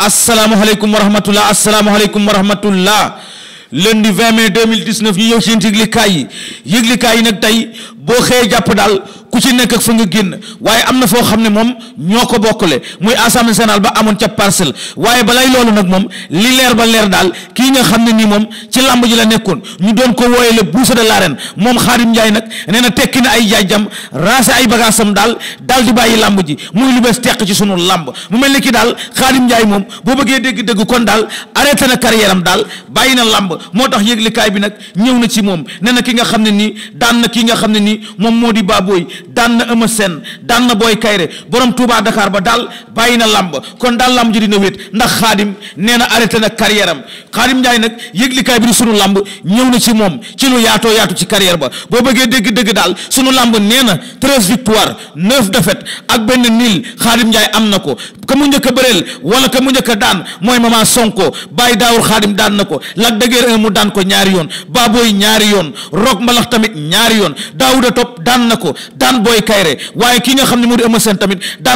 asalaamaaleykum wa rahmatullah asalaamaaleykum wa rahmatullah lundi mille mai 2019 ñu ñëw ci yëglikaay yi yëglikaay yi nag tey boo xëyee jàpp daal ku ci nekk ak fa nga génn waaye am na foo xam ne moom ñoo ko bokkale muy assemblée nationale ba amoon ca parcelle waaye balay loolu nag moom li leer ba leer daal kii nga xam ne nii moom ci làmb ji la nekkoon ñu doon ko wooyee le bourse de l'arène moom Xaadim Njaay nag nee na tekki na ay jaajam raase ay bagaasam daal daal di bàyyi làmb ji muy lu bees teq ci sunu làmb mu mel ni ki daal Xaadim Njaay moom boo bëggee dégg-dégg kon daal arrêté na carrière am daal bàyyi na làmb moo tax yëglikaay bi nag ñëw na ci moom nee na ki nga xam ne nii daan na ki nga xam ne nii moom moo di baabooy daan na Eumeu Sène daan na Boy Kayre borom Touba Dakar ba daal bàyyi na làmb kon daal làmb ji dina wéet ndax xaadim nee na arrêté na carrière xaadim Njaay nag yëglikaay bi di sunu làmb ñëw na ci moom ci lu yaatoo yaatu ci carrière ba boo bëggee dégg-dégg daal sunu làmb nee na treize victoire neuf défaite ak benn nil xaadim Njaay am na ko ka mu njëkk a bëreel wala ka mu njëkk daan mooy mama Sonko bàyyi daawur xaadim daan na ko Lac de Guiers 1 ko ñaari yoon Baboy ñaari yoon yoon Daouda Top daan na daan booy kayre waaye ki nga xam ne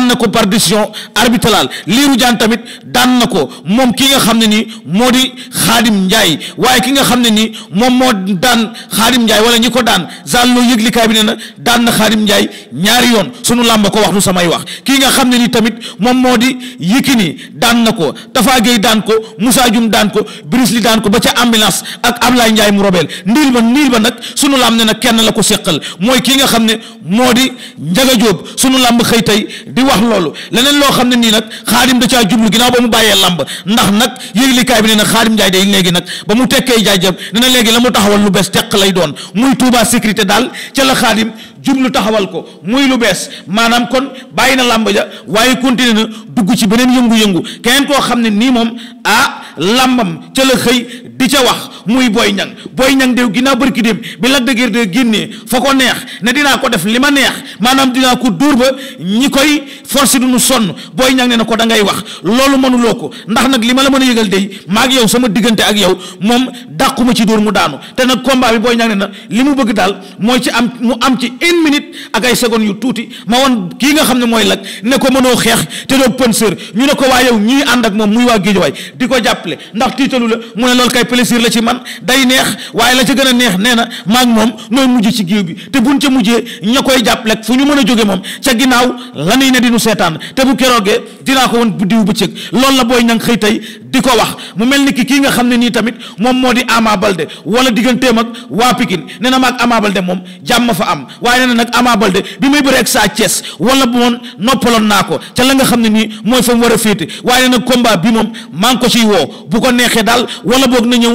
na ko par décision arbitrale liiru daan na ko moom ki nga xam ne nii moo di xaadim njaay waaye ki nga xam ne nii moom moo daan xaadim njaay wala ñi ko daan zan loo yëglikaay bi ne na daan na xaadim njaay ñaari yoon sunu làmba ko wax lu samay wax ki nga xam ne nii tamit moom moo di Yékini daan na ko Tafa Gueye daan ko Moussa Dioum daan ko Brice Ly daan ko ba ca ambulance ak Ablaye Njaay mu robeel ndiil ba ndiil ba nag sunu làmb ne nag kenn la ko séqal mooy ki nga xam ne moo di Njaga Jóob sunu làmb xëy tey di wax loolu leneen loo xam ne nii nag xaadim da caa jublu ginaaw ba mu bàyyee làmb ndax nag yëglikaay bi nee na xaadim njaay day léegi nag ba mu tekkee jaajëm nee na léegi la mu taxawal lu bees teq lay doon muy tuubaa sécurité daal ca la xaadim jublu taxawal ko muy lu bees maanaam kon bàyyi na làmb ja waaye continué na dugg ci beneen yëngu-yëngu keneen koo xam ne nii moom ah làmbam ca la xëy di ca wax muy Boy Niang booy Niang déw ginnaaw bërki dem bi Lac de Guiers de génnee fa ko neex ne dinaa ko def li ma neex maanaam dinaa ko dóor ba ñi koy force du ñu sonn Boy Niang ne na ko da ngay wax loolu mënuloo ko ndax nag li ma la mën a yëgal day maag yow sama diggante ak yow moom dàquma ci dóor mu daanu te nag combat bi booy ñang ne na li mu bëgg daal mooy ci am mu am ci une minute ak ay secondes yu tuuti ma woon kii nga xam ne mooy Lac ne ko mënoo xeex te doo pënseur ñu ne ko waa yow ñii ànd ak moom muy waa géejuwaay di ko jàppale ndax tiitalu la mu ne loolu kay plaisir la ci man day neex waaye la ci gën a neex nee na maag moom nooy mujj ci géew bi te buñ ca mujjee ña koy jàppale fu ñu mën a jóge moom ca ginnaaw la nuy ne di nu seetaan te bu keroogee dinaa ko woon buddiwu bëccëg loolu la booy ñang xëy tey di ko wax mu mel ni ki kii nga xam ne nii tamit moom moo di am maa Balde wala digganteem ak waa Pikine nee na maag Ama Balde moom jàmm fa am waaye nee na nag Ama Balde bi muy bëreeg saa Thiès wala bu moon noppaloon naa ko ca la nga xam ne nii mooy fa mu war a féete waaye nee na combat moom maa ngi ko ciy woo bu ko neexee daal wala boog na ñëw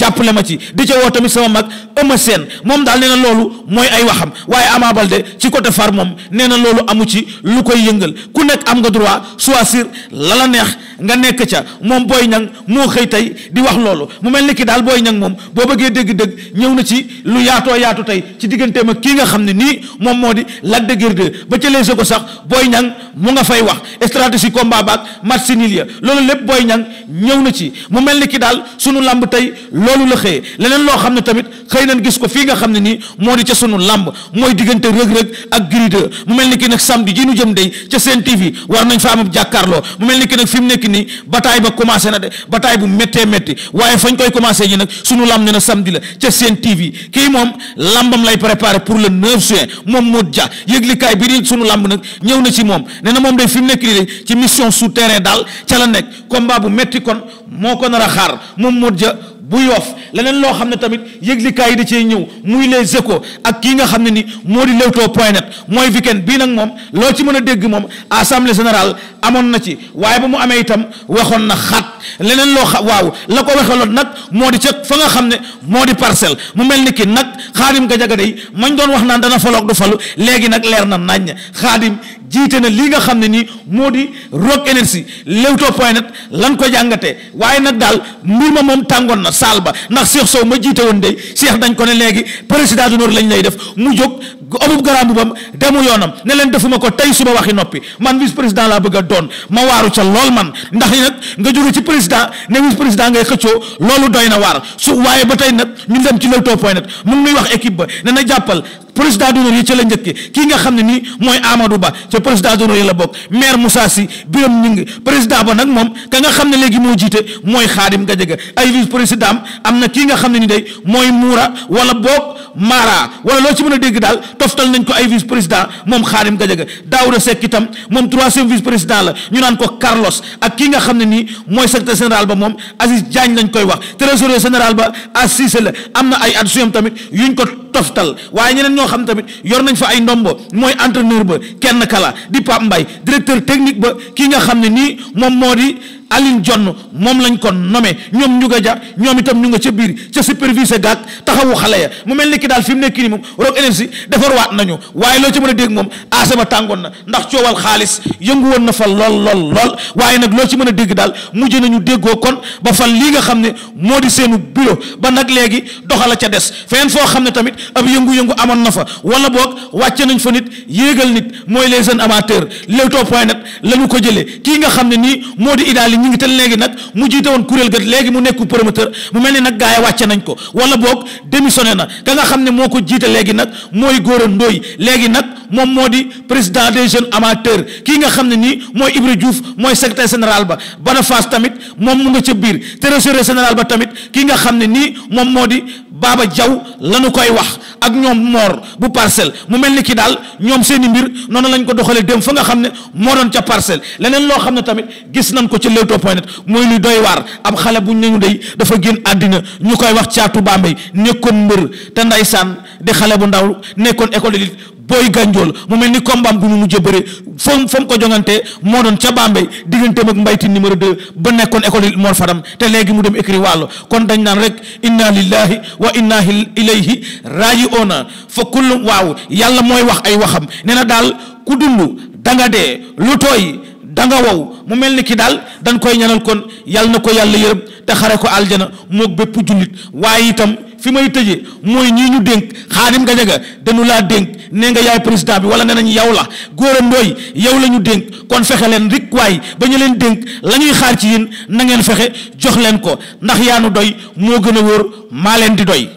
jàppale ma ci di ca woo tamit sama mag Eumeu Sène moom daal nee na loolu mooy ay waxam waaye Ama Baldé ci côté far moom nee na loolu amu ci lu koy yëngal ku nekk am nga droit choisir la la neex nga nekk ca moom booy Niang moo xëy tey di wax loolu mu mel ni ki daal booy Niang moom boo bëggee dégg-dégg ñëw na ci lu yaatoo yaatu tey ci digganteem ak kii nga xam ne nii moom moo di Lac de Guiers ba ca léegi ko sax booy Niang mu nga fay wax stratégie combat baak match nul ya loolu lépp booy Niang ñëw na ci mu mel ni ki daal sunu lamb tey loolu la xëyee leneen loo xam ne tamit xëy nañ gis ko fii nga xam ne nii moo di ca sunu làmb mooy diggante rëg-rëg ak Gris mu mel ni ki nag samedi ji nu jëm day ca seen TV war nañ fa am ab mu mel ni ki nag fi mu nekk nii bataay ba commencé na de bataay bu méttee métti waaye fañ koy commencé ñi nag sunu làmb ne na samedi la ca seen TV kii moom làmbam lay préparé pour le 9 juin moom moo ja yëglikaay bi di sunu làmb nag ñëw na ci moom nee na moom day fi mu nekk nii de ci mission souterrain daal ca la nekk combat bu métti kon moo ko a xaar moom moo ja bu yoof leneen loo xam ne tamit yëglikaay yi da cee ñëw muy les échos ak kii nga xam ne ni moo di Leewtoo point net mooy weekend bii nag moom loo ci mën a dégg moom assemblée général amoon na ci waaye ba mu amee itam waxoon na xat leneen loo xam waaw la ko waxeloon nag moo di ca fa nga xam ne moo di parcelle mu mel ni ki nag xaadim Gajaga day mañ doon wax naan dana faloog du falu léegi nag leer na naññ xaadim jiite na lii nga xam ne nii moo di Rock Énergie Leewtoo point net lan ko jàngatee waaye nag daal mbir ma moom tàngoon na saal ba ndax Cheikh Sow ma jiite woon de Cheikh dañ ko ne léegi président d'honneur lañ lay def mu jóg amub garaamu bam demu yoonam ne leen defuma ko tey suba waxi noppi man vice président laa bëgg a doon ma waaru ca lool man ndax nag nga jóge ci président ne vice président ngay xëccoo loolu doy na waar su waaye ba tey nag ñu dem ci Leewtoo point net mu ngi nuy wax équipe ba ne na jàppal président d'honneur yi ca la njëkke kii nga xam ne nii mooy Amadou Ba ca président d'honneur yi la bokk maire Moussa Sy Birame Ngingue président ba nag moom ka nga xam ne léegi moo jiite mooy Khadim Gadiaga ay vice président am na kii nga xam ne ni day mooy Moura wala boog Mara wala loo ci mën a dégg daal toftal nañ ko ay vice président moom Khadim Gadiaga Daouda Seck itam moom troisième vice président la ñu naan ko Carlos ak kii nga xam ne nii mooy secrétaire général ba moom Aziz Diagne lañ koy wax trésorier général ba Assis la am na ay at suyam tamit yu ñu ko toftal waaye ñeneen ñoo xam tamit yor nañ fa ay ndombo mooy entraîneur ba kenn kala di Pape Mbaye directeur technique ba kii nga xam ne nii moom moo di Aline Jonn moom lañ ko nommé ñoom ñu nga jar ñoom itam ñu nga ca biir ca supervisé gaag taxawu xale ya mu mel ni ki daal fi mu nekk nii moom Rock Énergie defar waat nañu waaye loo ci mën a moom asama tàngoon na ndax coowal xaalis yëngu woon na fa lool lool lool waaye nag loo ci mën a dégg daal mujj nañu déggoo kon ba fal lii nga xam ne moo di seenu bureau ba nag léegi doxala ca des feneen foo xam ne tamit ab yëngu amoon na fa wala boog wàcce nañ fa nit yéegal nit mooy les seen amateurs Leewtoo point net la ñu ko jëlee kii nga xam ne nii moo di idaali ñu ngi tal léegi nag mu jiite woon kuréel ga léegi mu nekku promoteur mu mel ni nag gaa yi wàcce nañ ko wala boog démissionné na ka nga xam ne moo ko jiite léegi nag mooy Gora Ndoye léegi nag moom moo di président des jeunes amateurs kii nga xam ne nii mooy Ibra Diouf mooy secrétaire général ba Bada Fass tamit moom mu nga ca biir trésorier général ba tamit kii nga xam ne nii moom moo di Baba Diaw lañu koy wax ak ñoom moor bu parcelle mu mel ni kii daal ñoom seeni mbir noonu lañ ko doxalee dem fa nga xam ne moo doon ca parcelle leneen loo xam ne tamit gis nañ ko ci Leewtoo point mooy lu doy waar ab xale bu ñu dey dafa génn àddina ñu koy wax caatu Bambey nekkoon mbër te ndaysaan di xale bu ndaw nekkoon école de booy gànjool mu mel ni combat bi mu mujj a bëre fa fa mu ko jongante moo doon ca Bambey digganteem ak mbayti numéro 2 ba nekkoon école Mor Fadam te léegi mu dem écrit wàllu kon dañ naan rek inna lillahi wa inna ilayhi raaji'uuna fa kullu waaw yàlla mooy wax ay waxam nee na daal ku dund danga dee lu tooy danga wow mu mel ni ki daal dañ koy ñaanal kon yàlla na ko yàlla yërëm te xare ko aljana moog bépp jullit waaye itam fi may tëjee mooy ñii ñu dénk Khadim Gadiaga dañu laa dénk nee nga yaay président bi wala ne nañ yow la Gora Ndoye yow la ñu dénk kon fexe leen rik waay ba ñu leen dénk la ñuy xaar ci yéen nangeen fexe jox leen ko ndax yaanu doy moo gën a wóor maa leen di doy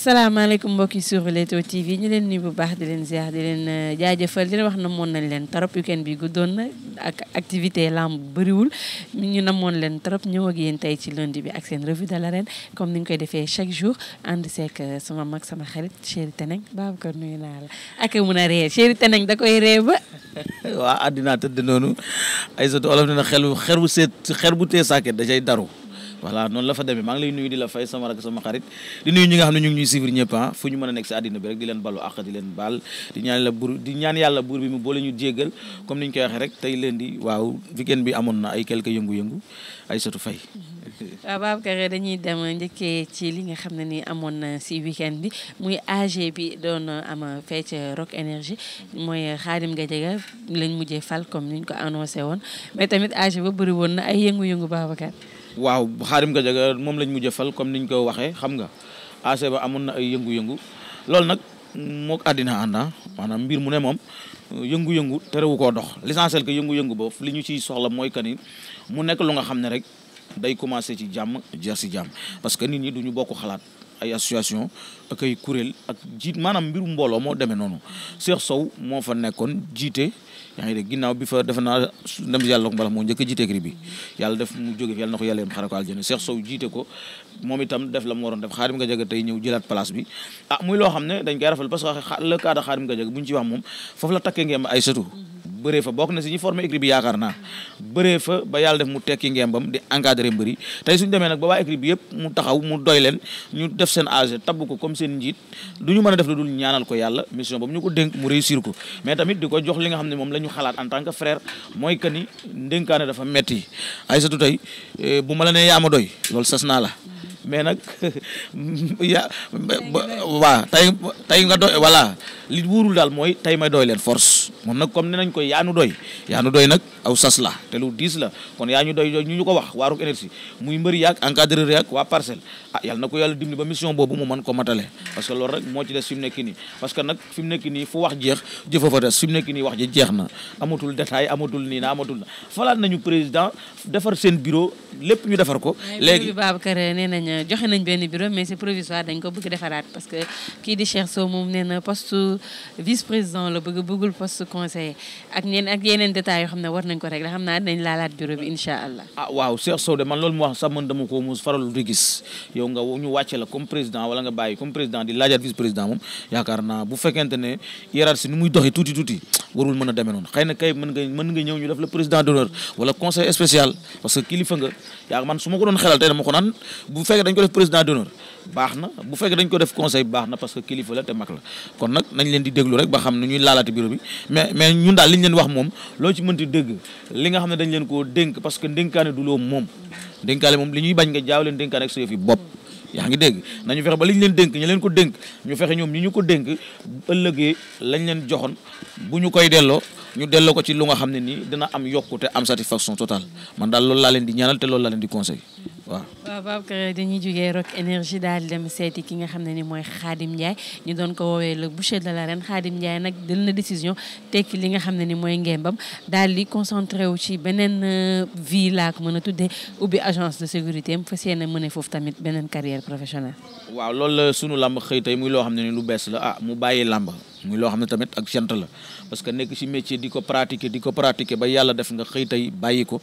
salaamaaleykum mbokk yi sur Leewtoo TV ñu leen nuyu bu baax di leen ziar di leen euh, jaajëfal di leen wax namoon nañ leen trop weekend bi guddoon na ak activité lamb bëriwul ñu namoon leen trop ñëw ak yéen tey ci lundi bi ak seen revue de l'arène comme ni ñu koy defee chaque jour ànd seek euh, sama mag sama xarit chéri Teneng Babacar nuyu naa la ak mun a ree chéri Teneng da koy ree ba. waa àddina tëdd noonu ay sotti olof na xel xer bu seet xer bu tee sàkket da cay daru. voilà noonu la fa demee maa ngi lay nuyu di la fay sama rak sama xarit di nuyu ñi nga xam ne ñu ngi ñuy suivre ñëpp ah, fu ñu mën a nekk si àddina bi rek di leen balu àq di leen baal di ñaan yàlla buur bi mu boole ñu jéggal comme nu ñu koy waxee rek tey leen di waaw weekend bi amoon njëkkee ci li nga xam ne ni amoon na si weekend bi muy AG bi doon am fecc Rock Énergie mooy Khadim Gadiaga lañ mujjee fal comme ni ñu ko annoncé woon mais tamit AG ba bëri woon na ay yëngu-yëngu Babacar waaw xaarim ga jaga moom lañ mujj fal comme niñ ko waxee xam nga AC ba amoon na ay yëngu-yëngu loolu nag mook àddina ànda maanaam mbir mu ne moom yëngu-yëngu terewu koo dox l'essentiel que yëngu-yëngu boobu li ñu ciy soxla mooy que ni mu nekk lu nga xam ne rek day commencé ci jàmm jeex si jàmm parce que nit ñi duñu bokk xalaat ay association ak ay kuréel ak jiit maanaam mbiru mbooloo moo demee noonu Cheikh Sow moo fa nekkoon jiite yaa ngi dégg bi fa defe naa dem yàlla moo njëkk a jiite bi yàlla def mu jóge fi yàlla na ko yàlla yem xare ko aljana jiite ko moom itam def la mu waroon def Xaadim Gadiaga tey ñëw jëlaat place bi ah muy loo xam ne dañ koy rafetlu parce que xaar cas de Xaadim Gadiaga bu ñu ci wax moom foofu la takkee ngeen ay sëtu baree fa bokk na si ñi formé équipe bi yaakaar na bëree fa ba yàlla def mu tekki ngembam di encadré mbëri tey suñ demee nag ba waa équipe bi yëpp mu taxaw mu doy leen ñu def seen âge tabb ko comme seen njiit du ñu mën a def lu dul ñaanal ko yàlla mission boobu ñu ko dénk mu réussir ko mais tamit di ko jox li nga xam ne moom lañu ñu xalaat en tant que frère mooy que ni ndénkaane dafa metti Aïssatou tey eh, bu ma la nee yaa ma doy loolu sas naa la mais nag ya waaw tey tey nga doy voilà li wóorul daal mooy tey ma doy leen force moom nag comme ne nañ koy yaanu doy yaanu doy nag aw sas la te lu diis la kon yaa ñu doy ñu ñu ko wax waa Rock muy mbëri yaak encadreur yaag waa parcelle a ah, yàlla na ko yàlla dimbali ba mission boobu mu man ko matale parce que loolu rek moo ci des fi mu nekk nii parce que nag fi mu nekk nii fu wax jeex jëfa fa des fi mu nekk nii wax jeex na amatul détail amatul nii na amatul na falaat nañu président defar seen bureau lépp ñu defar ko joxe nañ benn bureau mais c'est provisoire dañ ko bëgg defaraat parce que kii di Cheikh Sow moom nee na vice président la bëgg bëggul poste ak yeneen détails xam ne war nañ ko rek la xam naa dañ laalaat bureau bi incha allah ah, waaw Cheikh Sow de man loolu mu wax sax man dama ko faral di yow nga ñu la comme président wala nga bàyyi comme président di laajaat vice président moom yaakaar naa bu fekkente ne hiérarchie ni muy doxi tuuti fekkee dañ ko def président d'honneur baax na bu fekkee dañ ko def conseil baax na parce que kilifa la te mag la kon nag nañ leen di déglu rek ba xam ne ñuy laalaati bureau bi mais mais ñun daal li ñu leen wax moom loo ci mënti dégg li nga xam ne dañ leen koo dénk parce que dénkaane du loo moom dénkaale moom li ñuy bañ nga jaaw leen dénkaane ak sa yëf yi bopp yaa ngi dégg nañu fexe ba liñ ñu leen ko dénk ñu fexe ñoom ñi ñu ko dénk ëllëgee lañ leen joxoon bu ñu koy delloo ñu delloo ko ci lu nga xam ne nii dina am yokkute am satisfaction totale man daal loolu laa leen di ñaanal te loolu laa leen di conseil waaw waaw Babacar dañuy jógee Rock Énergie daal dem seeti ki nga xam ne ni mooy Khadim Ndiaye ñi doon ko woowee le boucher de ren Khadim Ndiaye nag jël na décision tekki li nga xam ne ni mooy ngembam daal di concentré wu ci beneen euh, vie laa ko mën a tuddee ubbi agence de sécurité am fas yéene mën foofu tamit beneen carrière professionnelle. waaw loolu la sunu làmb xëy tey muy loo xam ne ni lu bees la ah mu bàyyi làmb muy loo xam ne tamit ak sant la. parce que nekk ci métier di ko pratiquer di ko pratiquer ba yàlla def nga xëy tey bàyyi ko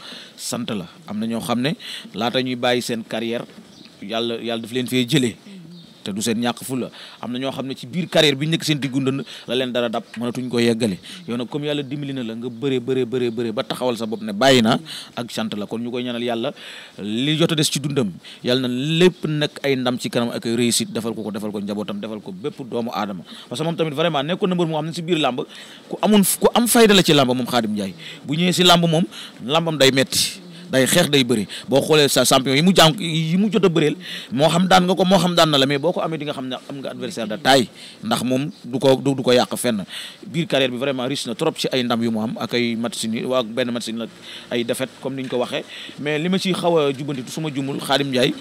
sant la am na ñoo xam ne laata ñuy bàyyi seen carrière yàlla yàlla daf leen fee jëlee te du seen ñàkk fulla am na ñoo xam ne ci biir carrière bi nekk seen diggu ndënd la leen dara dab mënatuñ ko yeggale yow comme yàlla dimbali na la nga bëree bëree ba taxawal sa ne bàyyi na ak sant la kon ñu koy ñaanal yàlla li jot a des ci dundam yàlla na lépp nag ay ndam ci kanam ak ay defal ko ko defal ko njabootam defal ko bépp doomu aadama parce que moom tamit vraiment nekkoon na mbër moo xam ne si biir làmb ku am fayda la ci làmb moom Xaadim day xeex day bëri boo xoolee sa champion yi mu jàng yi mu jot a bëreel moo xam daan nga ko moo xam daan na la mais boo ko amee di nga xam ne am nga adversaire de taille ndax moom du ko ko yàq fenn biir carrière bi vraiment riche na trop ci ay ndam yu mu am ak ay match waa benn match ni nag ay défaite comme ni ñu ko waxee mais li ma ci xaw a jubantitu su ma jumul Xaadim Ndiaye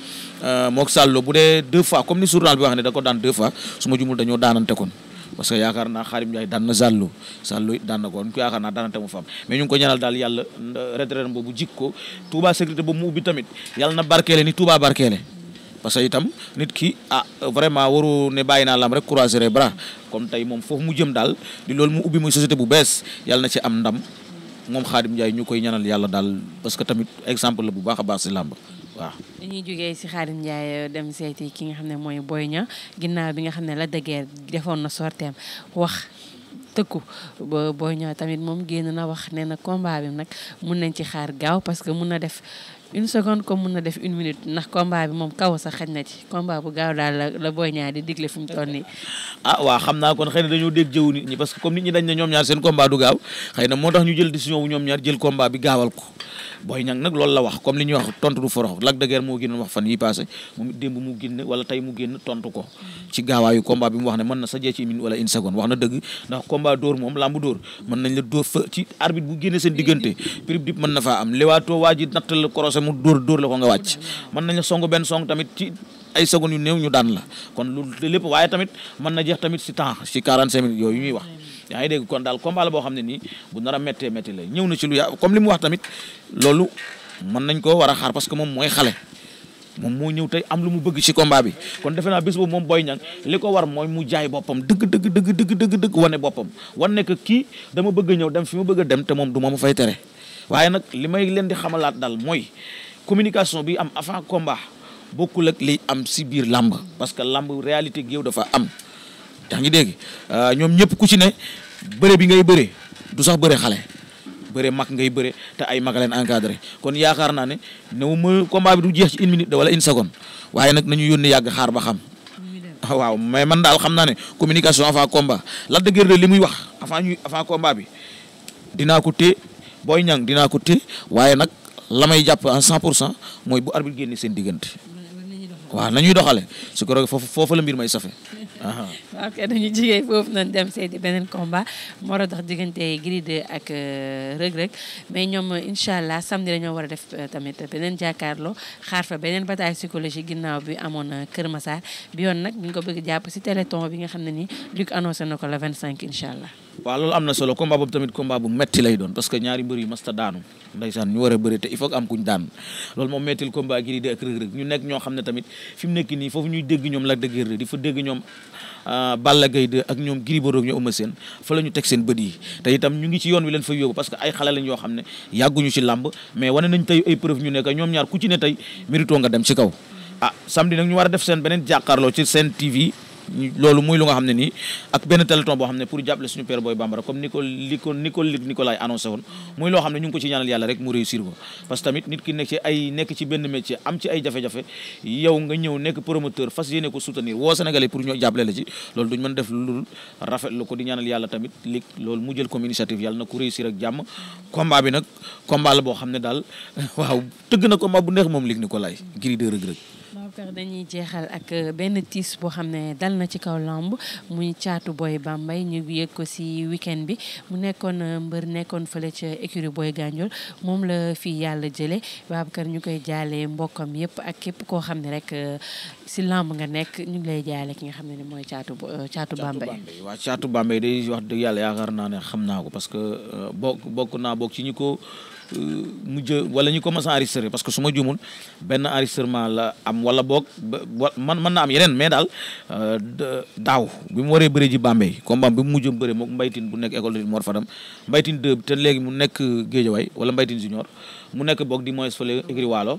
euh, mook bu dee deux fois ne da ko daan deux fois ma jumul dañoo daanante kon parce que yaakaar naa Xaadim Njaay daan na Zallo Zallo it daan na ko ko yaakaar na te mu faam mais ñu ngi ko ñaanal daal yàlla euh, retraite boobu jik ko Touba sécurité boobu mu ubbi tamit yàlla na barkeele ni Touba barkeele parce itam nit ki ah vraiment waru ne bàyyi naa lam rek croiser les bras comme tey moom foofu mu jëm daal di loolu mu ubbi muy société bu bees yàlla na ci am ndam moom Xaadim Njaay ñu koy ñaanal yàlla daal parce que tamit exemple bu baax a baax si làmb waaw. dañuy jógee si Khadim Ndiaye euh, dem seeti ki nga xam ne mooy Boy Niang ginnaaw bi nga xam ne la de defoon na sorteem wax tëkku ba Boy Niang tamit moom génn na wax ne na combat bi nag mun nañ ci xaar gaaw parce que mun na def. une seconde comme mun na def une minute ndax combat bi moom lambu dóor mën nañ la dóor fa ci arbitre bu génne seen diggante prib dip mën na faa am lewaatoo waa natt la koros forcé mu dóor dóor la ko nga wàcc mën nañ la song benn song tamit ci ay secondes yu new ñu daan la kon lu lépp waaye tamit mën na jeex tamit si temps si 45 minutes yooyu ñuy wax yaa ngi dégg kon daal combat boo xam ne nii bu nar a méttee la ñëw na ci lu ya comme li mu wax tamit loolu mën nañ koo war a xaar parce que moom mooy xale moom moo ñëw tey am lu mu bëgg ci combat bi kon defe naa bés boobu moom booy Niang li ko war mooy mu jaay boppam dëgg dëgg dëgg dëgg dëgg wane boppam wan ne kii dama bëgg a ñëw dem fi ma bëgg a dem te moom du ma ma fay tere waaye nag li may leen di xamalaat daal mooy communication bi am avant combat bokkul ak li am si biir làmb parce que làmb réalité gi dafa am yaa ngi dégg euh, ñoom ñëpp ku ci ne bëre bi ngay bëre du sax bëre xale bëre mag ngay bëre te ay mag leen kon yaakaar naa ne new ma combat bi du jeex ci wala une seconde waaye nag nañu yónni yàgg xaar ba xam waaw mais man daal xam naa ne communication avant combat Lac de Guiers li muy wax avant ñuy avant combat bi dinaa ko téye booy ñang dinaa ko té waaye nag la may jàpp en cent pour cent mooy bu arbitre génne seen diggante waaw nañuy doxale su ko roog foofu foofu la mbir may safe waaw kay dañu jigéen foofu noonu dem seeti beneen combat moo tax diggante Gris 2 ak euh, Reug Reug mais ñoom incha allah samedi dañoo war a def euh, tamit beneen jàkkaarloo xaar fa beneen bataille psychologique ginnaaw bi amoon euh, Kër Massar bi yoon nag ñu ko bëgg jàpp si téléthon bi nga xam ne nii Luc annoncé na ko le 25 incha allah. waaw loolu am na solo combat boobu tamit combat bu metti lay doon parce que ñaari mbër yu masta daanu ndaysaan ñu war a bëri te il faut am kuñ daan loolu moom ñu nekk ñoo xam ne tamit fi mu nekk nii foofu ñuy dégg ñoom la dëgër di fa dégg Euh, Balla Gaye 2 ak ñoom Gris Bordeaux ñoo ëmb seen fa la teg seen bët yi te itam ñu ngi ci yoon wi leen fa yóbbu parce ay xale yoo xam ne yàgguñu ci làmb mais wane nañ tey ay ñu nekk ñoom ñaar ku ci ne tey mérito nga dem ci kaw ah samedi nag ñu war def seen beneen jàkkaarloo ci seen TV loolu muy lu nga xam ne nii ak benn téléthon boo xam ne pour jàppale suñu père booy bambara comme ni ko li ko ni ko lig Nicolas annoncé woon muy loo xam ne ñu ngi ko ci ñaanal yàlla rek mu réussir ko parce que tamit nit ki nekk ci ay nekk benn métier am ci ay jafe-jafe yow nga ñëw nekk promoteur fas yéene ko soutenir woo sénégalais pour ñoo jàppale la ci loolu duñ mën def lu rafetlu ko di ñaanal yàlla tamit lig loolu mu jël comme initiative yàlla na ko réussir ak jàmm combat bi nag combat la boo xam ne daal waaw tëgg na combat bu neex moom lig Nicolas Gris de Reug Reug Babacar dañuy jeexal ak euh, benn tiis boo xam ne dal na ci kaw lamb muy caatu Boy Bambay ñu yëg ko si weekend bi mu nekkoon euh, mbër nekkoon fële ca écurie Boy Gandiol moom la fii yàlla jële Babacar ñu koy jaale mbokkam yëpp ak képp koo xam ne rek si euh, lamb nga nekk ñu ngi lay jaale ki nga xam ne ni mooy caatu caatu Bambay waaw caatu Bambay day wax dëgg naa ne xam naa ko parce que bokk bokk naa bokk ci ñi ko Euh, mujj wala ñu commencé enregistré parce que su ma juumul benn enregistrement la am wala boog man mën na am yeneen mais daal euh, daaw bi mu waree bëri ji Bambey combat bi mu mujj a bëri moom mbaytin bu nekk école de Mor Fadam mbaytin 2 te léegi mu nekk Géejawaay wala mbaytin junior mu nekk boog di moins fële écrit waalo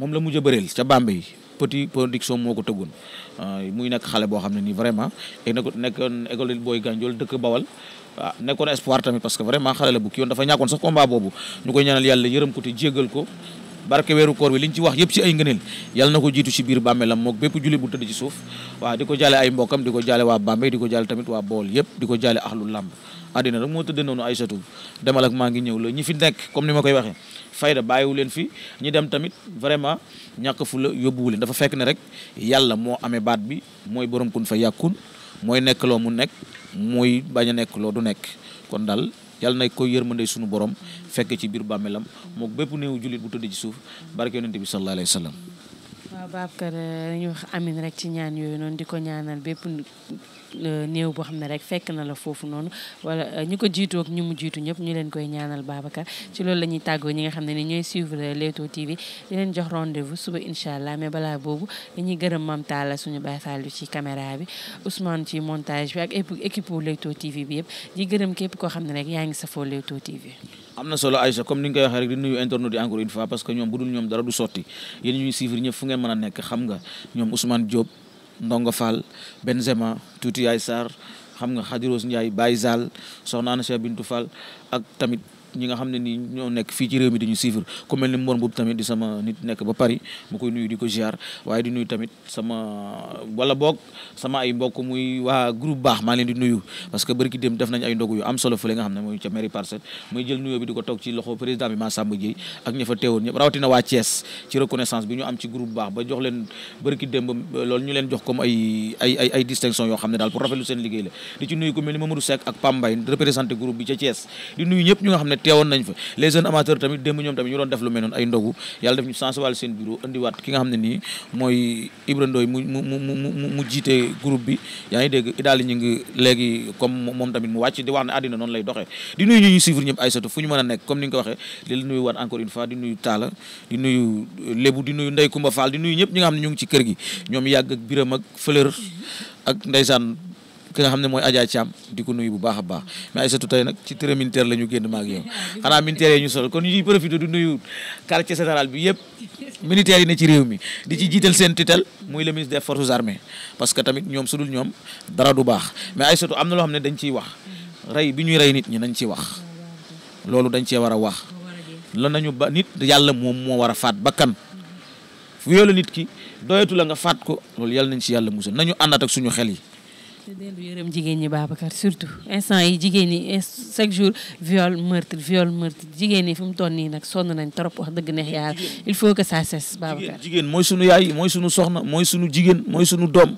moom la mujj a bëreel ca Bambey petit production moo ko tëggoon euh, muy nekk xale boo xam ne nii vraiment nekkoon école booy gànjool dëkk bawal ah, nekkoon espoir tamit parce que vraiment xale la bu kii yoon dafa ñàkkoon sax combat boobu ñu koy ñaanal yàlla yërëm ko te jéggal ko barke weeru koor bi liñ ci wax yëpp ci ay ngëneel yàlla na ko jiitu ci biir bàmmeelam mook bépp julli bu tëdd ci suuf waaw di jaale ay mbokkam di jaale waa Bambey di jaale tamit waa Bawol yëpp di jaale axlu àddina rek moo tëddee noonu ay satu demal ak maa ngi ñëw la ñi fi nekk comme ni ma koy waxee fayda bàyyiwu leen fi ñi dem tamit vraiment ñàkk fu la yóbbuwu leen dafa fekk ne rek yàlla moo amee baat bi mooy borom kun fa yàkkun mooy nekkaloo mu nekk mooy bañ a nekk loo du nekk kon daal yàlla na koy yërmande sunu borom fekkee ci biir bàmmeelam moo bépp néew jullit bu tëdd ci suuf barke yonente bi sallallahu alayhi wa waaw Babacar dañuy eh, wax amin rek ci ñaan yooyu noonu di ko ñaanal bépp eh, néew boo xam ne rek fekk na la foofu noonu wala eh, ñu ko jiitoog ñu mu jiitu ñëpp ñu leen koy ñaanal Babacar ci loolu la ñuy tàggoo ñi nga xam ne ni ñooy suivre Leewtoo TV di leen jox rendez suba incha allah mais balaa boobu dañuy gërëm Mam Talla suñu Baye Fall ci caméra bi Ousmane ci montage bi ak équipe Leewtoo TV bi yëpp di gërëm képp koo xam ne rek yaa ngi safoo Leewtoo TV. am na solo Aïcha comme ni nga koy waxee rek di nuyu internautes yi parce que ñoom bu ñoom dara du sotti yéen ñuy suivre ñëpp fu ngeen mën nekk xam nga ñoom Ousmane Diop Ndongo Fall Benzema Tuuti Yaay Sarr xam nga Khadiros Ndiaye Baye Zal soxna Anna Cheikh Bintou Fall ak tamit ñi nga xam ne nii ñoo nekk fii ci réew mi dañu suivre ku mel ni Mor Mboup tamit di sama nit ba Paris mu koy nuyu ñu am ci jox leen bërki dem ba comme ay ay ay ay distinction yoo ak Pam représenté groupe bi ca Thiès di nuyu ñëpp ñu nga xam ne teewoon nañ fa les jeunes amateurs tamit démb ñoom tamit ñu doon def lu mel ay ndogu yàlla def ñu sensibiliser seen bureau indiwaat ki nga xam ne nii mooy Ibra Ndoy mu jiite groupe bi yaa ngi dégg idaali ñu ngi léegi comme moom tamit mu wàcc di wax ne àddina noonu lay doxee di nuyu ñu ñuy suivre ñëpp Aïssatou fu ñu mën a nekk comme ni nga ko di la nuyu di nuyu Talla di nuyu euh, Lébu Kumba Fall di nuyu ñëpp ñi nga xam ne ñu ngi ci kër gi ñoom yàgg Biram ak Fleur ki nga xam ne mooy Adja Thiam di ko nuyu bu baax a baax mais Aïssatou tey nag ci terrain militaire la ñu génn maag yow xanaa yi ñu sol kon ñuy ne ci réew mi di ci jiital seen tutelle muy le ministre des forces armées parce que tamit ñoom du baax mais Aïssatou am na loo xam ne dañ ciy wax rey bi ñuy rey nit ñi nañ ciy wax loolu dañ cee war a wax na nañu ba nit yàlla moom moo war a faat bakkan fu yoolu nit ki doyatu la nga faat ko loolu yàlla nañ ci yàlla musal nañu àndaat ak suñu xel yi te dellu yërëm jigéen ñi Babacar surtout instant yi jigéen ñi chaque jour viol meurtre viol meurtre jigéen ñi fu mu toll nii nag sonn nañ trop wax dëgg neex yàlla il faut que sa cesse Babacar jigéen mooy sunu yaay mooy sunu soxna mooy sunu jigéen mooy sunu doom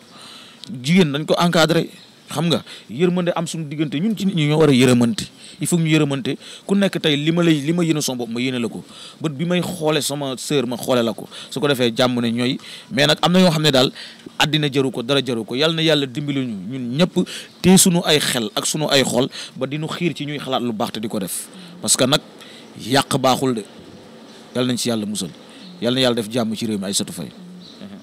jigéen dañ ko encadré xam nga yërmande am suñu diggante ñun ci nit ñi ñoo war a yërëmante il faut ñu yërëmante ku nekk tey li ma lay li ma yéene son bopp ma yéene la ko bët bi may xoole sama sœur ma xoole la ko su ko defee jàmm ne ñooy mais nag am na yoo xam ne daal àddina jaru ko dara jaru ko yàlla na yàlla dimbali ñu ñun ñëpp te suñu ay xel ak suñu ay xol ba di nu xiir ci ñuy xalaat lu baax te di ko def parce que nag yàq baaxul de yàlla nañ si yàlla musal yàlla na yàlla def jàmm ci réew mi ay satu fay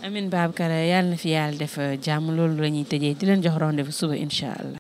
amin Babacar yàlla na fi yàlla def euh, jàmm loolu la ñuy tëjee di leen jox rendez-vous suba incha allah.